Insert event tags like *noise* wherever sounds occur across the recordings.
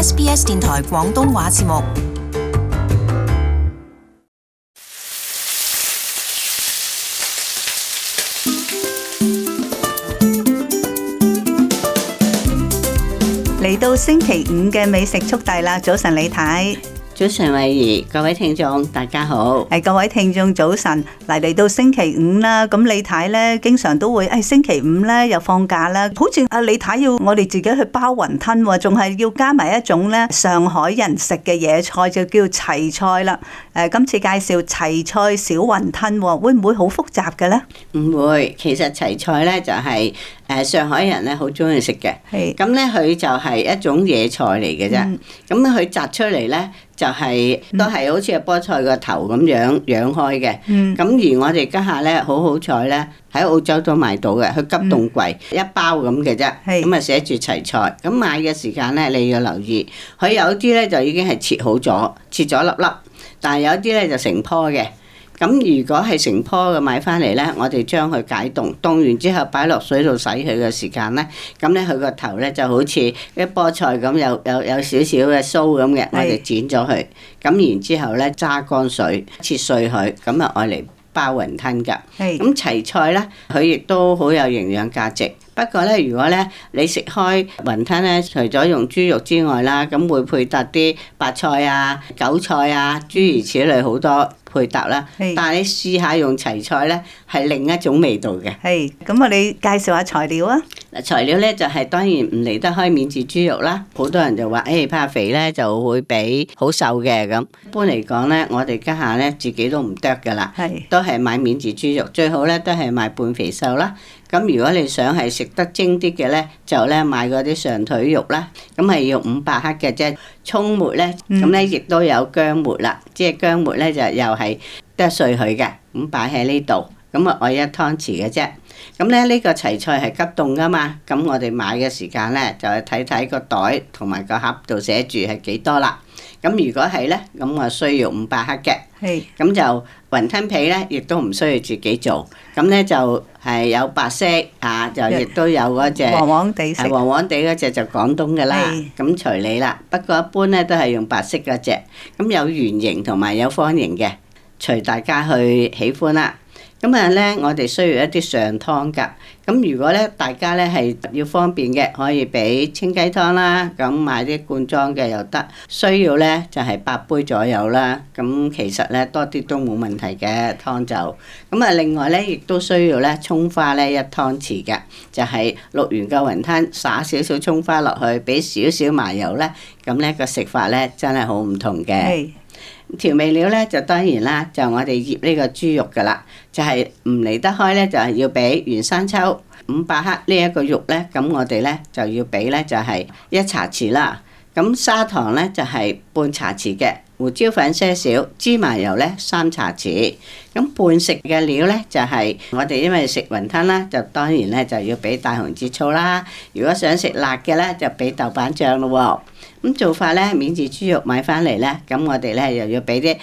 SBS 電台廣東話節目，嚟到星期五嘅美食速遞啦！早晨，李太。早晨，慧怡，各位聽眾，大家好。誒，各位聽眾，早晨。嗱，嚟到星期五啦，咁李太咧，經常都會誒，星期五咧又放假啦，好似阿李太要我哋自己去包雲吞，仲係要加埋一種咧上海人食嘅野菜，就叫齊菜啦。誒，今次介紹齊菜小雲吞，會唔會好複雜嘅咧？唔會，其實齊菜咧就係誒上海人咧好中意食嘅。係咁咧，佢就係一種野菜嚟嘅啫。咁佢摘出嚟咧。就係、是、都係好似個菠菜個頭咁樣養開嘅，咁、嗯、而我哋家下呢，好好彩呢，喺澳洲都買到嘅，佢急凍櫃、嗯、一包咁嘅啫，咁啊是寫住齊菜，咁買嘅時間呢，你要留意，佢有啲呢，就已經係切好咗，切咗粒粒，但係有啲呢，就成棵嘅。咁如果係成棵嘅買翻嚟咧，我哋將佢解凍，凍完之後擺落水度洗佢嘅時間咧，咁咧佢個頭咧就好似一菠菜咁，有有有少少嘅須咁嘅，我哋剪咗佢，咁是然之後咧揸乾水切碎佢，咁啊愛嚟包雲吞㗎。係是，咁齊菜咧，佢亦都好有營養價值。不過咧，如果咧你食開雲吞咧，除咗用豬肉之外啦，咁會配搭啲白菜啊、韭菜啊、諸如此類好多配搭啦。是但係你試下用齊菜咧，係另一種味道嘅。係咁啊！你介紹下材料啊？材料咧就係、是、當然唔離得開免治豬肉啦。好多人就話，誒、欸、怕肥咧就會俾好瘦嘅咁。一般嚟講咧，我哋家下咧自己都唔剁嘅啦，是都係買免治豬肉，最好咧都係買半肥瘦啦。咁如果你想係食得精啲嘅呢，就呢買嗰啲上腿肉啦。咁係用五百克嘅啫。蔥末呢，咁呢亦都有薑末啦。嗯、即係薑末呢，就又係剁碎佢嘅，咁擺喺呢度。咁啊，我一湯匙嘅啫。咁呢，呢個齊菜係急凍噶嘛。咁我哋買嘅時間呢，就係睇睇個袋同埋個盒度寫住係幾多啦。咁如果係呢，咁我需要五百克嘅，咁是就雲吞皮呢，亦都唔需要自己做，咁呢就係有白色啊，就亦都有嗰隻黃黃地色，黃黃地嗰隻就廣東嘅啦，咁是隨你啦。不過一般呢都係用白色嗰隻，咁有圓形同埋有方形嘅，隨大家去喜歡啦。咁啊咧，我哋需要一啲上湯㗎。咁如果咧，大家咧係要方便嘅，可以俾清雞湯啦。咁買啲罐裝嘅又得。需要咧就係八杯左右啦。咁其實咧多啲都冇問題嘅湯就。咁啊，另外咧亦都需要咧葱花咧一湯匙嘅，就係、是、淥完個雲吞撒少少葱花落去，俾少少麻油咧。咁、那、咧個食法咧真係好唔同嘅。調味料咧就當然啦，就我哋醃呢個豬肉噶啦，就係唔離得開咧，就係要俾原生抽五百克呢一個肉呢。咁我哋咧就要俾咧就係一茶匙啦，咁砂糖呢，就係半茶匙嘅。胡椒粉些少，芝麻油咧三茶匙。咁半食嘅料咧就係我哋因為食雲吞啦，就當然咧就要俾大紅浙醋啦。如果想食辣嘅咧，就俾豆瓣醬咯。咁做法咧，免治豬肉買翻嚟咧，咁我哋咧又要俾啲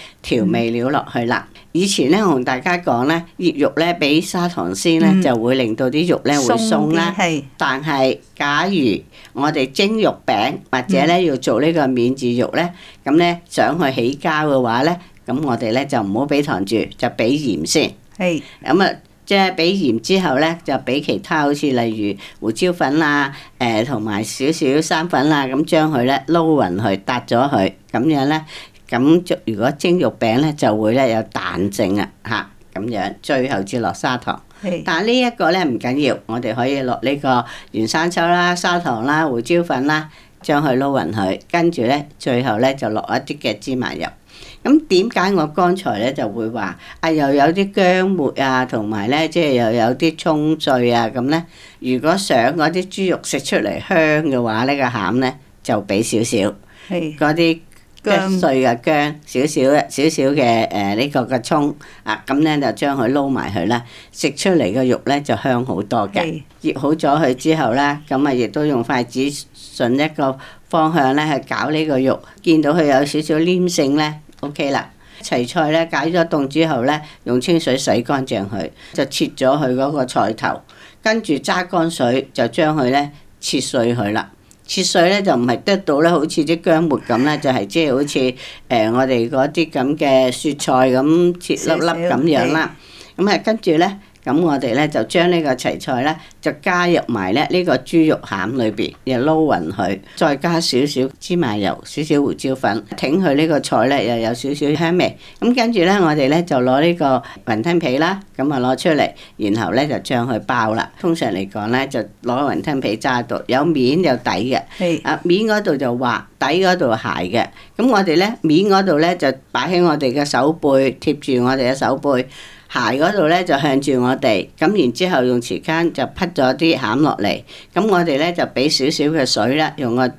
調味料落去啦。以前咧我同大家講咧，醃肉咧俾砂糖先咧，嗯、就會令到啲肉咧的會鬆啦。但係假如我哋蒸肉餅或者咧、嗯、要做呢個免治肉咧，咁咧想去起膠嘅話咧，咁我哋咧就唔好俾糖住，就俾鹽先。係咁啊，即係俾鹽之後咧，就俾其他好似例如胡椒粉啊，誒同埋少少生粉啊，咁將佢咧撈勻去搭咗佢，咁樣咧。咁蒸如果蒸肉餅咧，就會咧有彈性啊，吓，咁樣最後至落砂糖。是但係呢一個咧唔緊要，我哋可以落呢個原生抽啦、砂糖啦、胡椒粉啦，將佢撈匀佢，跟住咧最後咧就落一啲嘅芝麻油。咁點解我剛才咧就會話啊又有啲薑末啊，同埋咧即係又有啲蔥碎啊咁咧？如果想嗰啲豬肉食出嚟香嘅話，那個、餡，呢個餡咧就俾少少，係嗰啲。碎嘅薑少少嘅少少嘅誒、啊、呢個嘅葱啊，咁咧就將佢撈埋佢啦，食出嚟嘅肉咧就香多是好多嘅。醃好咗佢之後咧，咁啊亦都用筷子順一個方向咧去攪呢個肉，見到佢有少少黏性咧，OK 啦。齊菜咧解咗凍之後咧，用清水洗乾淨佢，就切咗佢嗰個菜頭，跟住揸乾水就將佢咧切碎佢啦。切碎呢就唔係得到呢，好似啲薑末咁咧，就係即係好似誒、 *laughs* 呃、我哋嗰啲咁嘅雪菜咁切粒粒咁樣啦。咁啊 *laughs* 跟住呢。咁我哋咧就將呢個齊菜咧就加入埋咧呢個豬肉餡裏邊，又撈勻佢，再加少少芝麻油、少少胡椒粉，整佢呢個菜咧又有少少香味。咁跟住咧，我哋咧就攞呢個雲吞皮啦，咁啊攞出嚟，然後咧就將佢包啦。通常嚟講咧，就攞雲吞皮揸到有面有底嘅，是啊面嗰度就滑，底嗰度鞋嘅。咁我哋咧面嗰度咧就擺喺我哋嘅手背，貼住我哋嘅手背。鞋嗰度咧就向住我哋，咁然之後用匙羹就潑咗啲餡落嚟，咁我哋咧就俾少少嘅水啦，用個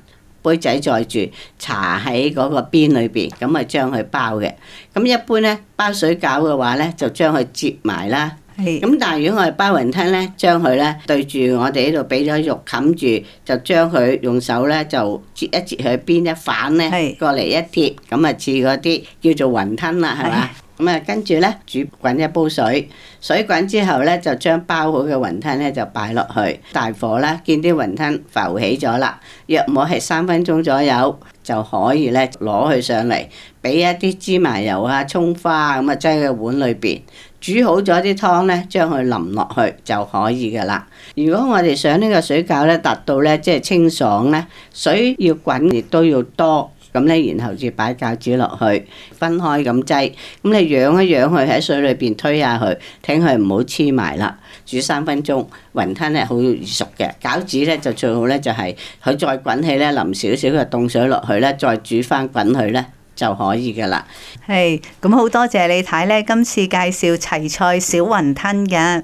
杯仔載住，搽喺嗰個邊裏邊，咁啊將佢包嘅。咁一般咧包水餃嘅話咧，就將佢折埋啦。係是。咁但係如果我哋包雲吞咧，將佢咧對住我哋呢度俾咗肉冚住，就將佢用手咧就折一折佢邊一反咧，過嚟一貼，咁啊似嗰啲叫做雲吞啦，係嘛？咁啊，跟住咧煮滾一煲水，水滾之後咧就將包好嘅雲吞咧就擺落去大火啦。見啲雲吞浮起咗啦，約莫係三分鐘左右就可以咧攞佢上嚟，俾一啲芝麻油啊、蔥花咁啊擠喺碗裏邊。煮好咗啲湯咧，將佢淋落去就可以噶啦。如果我哋想呢個水餃咧達到咧即係清爽咧，水要滾亦都要多。咁咧，然後就擺餃子落去，分開咁擠。咁你揚一揚佢喺水裏邊推下佢，聽佢唔好黐埋啦。煮三分鐘，雲吞咧好熟嘅。餃子咧就最好咧就係佢再滾起咧淋少少嘅凍水落去咧，再煮翻滾佢咧就可以噶啦。係，咁好多謝你睇咧，今次介紹齊菜小雲吞嘅。